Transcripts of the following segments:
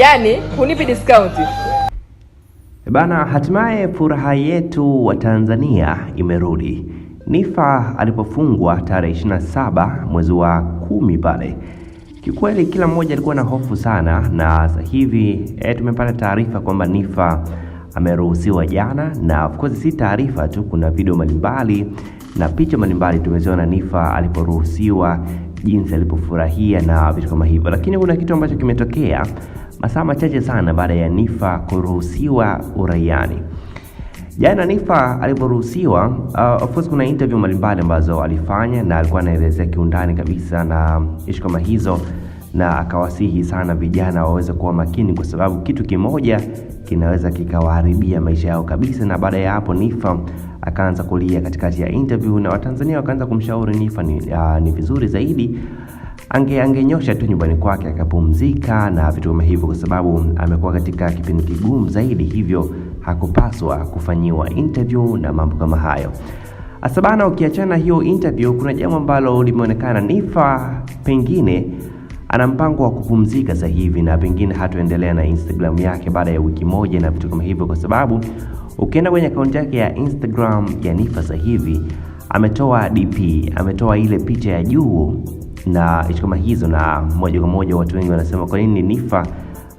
yani hunipi discount. E bana, hatimaye furaha yetu wa Tanzania imerudi. Nifa alipofungwa tarehe 27 mwezi wa kumi pale, kikweli kila mmoja alikuwa na hofu sana, na sasa hivi e, tumepata taarifa kwamba Nifa ameruhusiwa jana, na of course si taarifa tu, kuna video mbalimbali na picha mbalimbali tumeziona Nifa aliporuhusiwa, jinsi alipofurahia na vitu kama hivyo, lakini kuna kitu ambacho kimetokea masaa machache sana baada ya Nifa kuruhusiwa uraiani. Jana Nifa aliporuhusiwa, uh, of course kuna interview mbalimbali ambazo alifanya na alikuwa anaelezea kiundani kabisa na ishu kama hizo, na akawasihi sana vijana waweze kuwa makini, kwa sababu kitu kimoja kinaweza kikawaharibia maisha yao kabisa. Na baada ya hapo Nifa akaanza kulia katikati ya interview na Watanzania wakaanza kumshauri Nifa ni, uh, ni vizuri zaidi ange angenyosha tu nyumbani kwake akapumzika na vitu kama hivyo, kwa sababu amekuwa katika kipindi kigumu zaidi, hivyo hakupaswa kufanyiwa interview na mambo kama hayo. Asabana, ukiachana hiyo interview, kuna jambo ambalo limeonekana Nifa pengine ana mpango wa kupumzika sasa hivi na pengine hatoendelea na Instagram yake baada ya wiki moja na vitu kama hivyo, kwa sababu ukienda kwenye akaunti yake ya Instagram ya Nifa sasa hivi ametoa DP, ametoa ile picha ya juu na nchi kama hizo, na moja kwa moja watu wengi wanasema kwa nini Nifa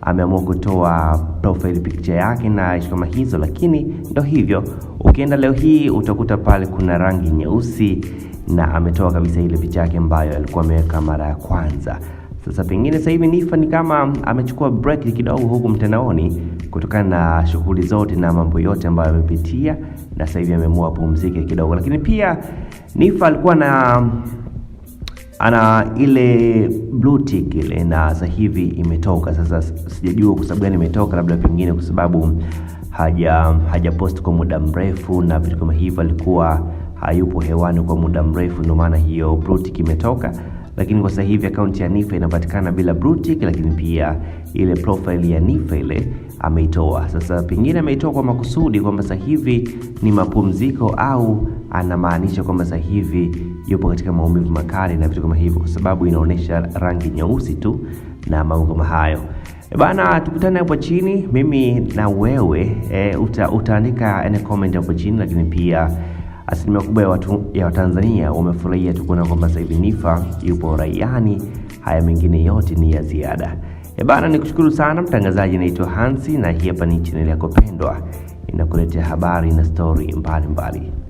ameamua kutoa profile picture yake na nchi kama hizo, lakini ndo hivyo. Ukienda leo hii utakuta pale kuna rangi nyeusi na ametoa kabisa ile picha yake ambayo alikuwa ameweka mara ya kwanza. Sasa pengine sasa hivi Nifa ni kama amechukua break kidogo huku mtandaoni kutokana na shughuli zote na mambo yote ambayo amepitia, na sasa hivi ameamua apumzike kidogo, lakini pia Nifa alikuwa na ana ile blue tick ile, na sasa hivi imetoka. Sasa sijajua kwa sababu gani imetoka, labda pengine kwa sababu haja hajapost kwa muda mrefu na vitu kama hivyo, alikuwa hayupo hewani kwa muda mrefu, ndio maana hiyo blue tick imetoka. Lakini kwa sasa hivi akaunti ya Nifa inapatikana bila blue tick, lakini pia ile profile ya Nifa ile ameitoa. Sasa pengine ameitoa kwa makusudi kwamba sasa hivi ni mapumziko au anamaanisha kwamba sasa hivi yupo katika maumivu makali na vitu kama hivyo, kwa sababu inaonyesha rangi nyeusi tu na mawingu kama hayo. E bana, tukutane hapo chini, mimi na wewe e, uta, utaandika any comment hapo chini, lakini pia asilimia kubwa ya watu ya Watanzania wamefurahia tu kuona kwamba sasa hivi Niffer yupo raiani. Haya mengine yote ni ya ziada. E bana, nikushukuru sana mtangazaji, naitwa Hansi na hii hapa ni channel yako pendwa inakuletea habari na stori mbalimbali.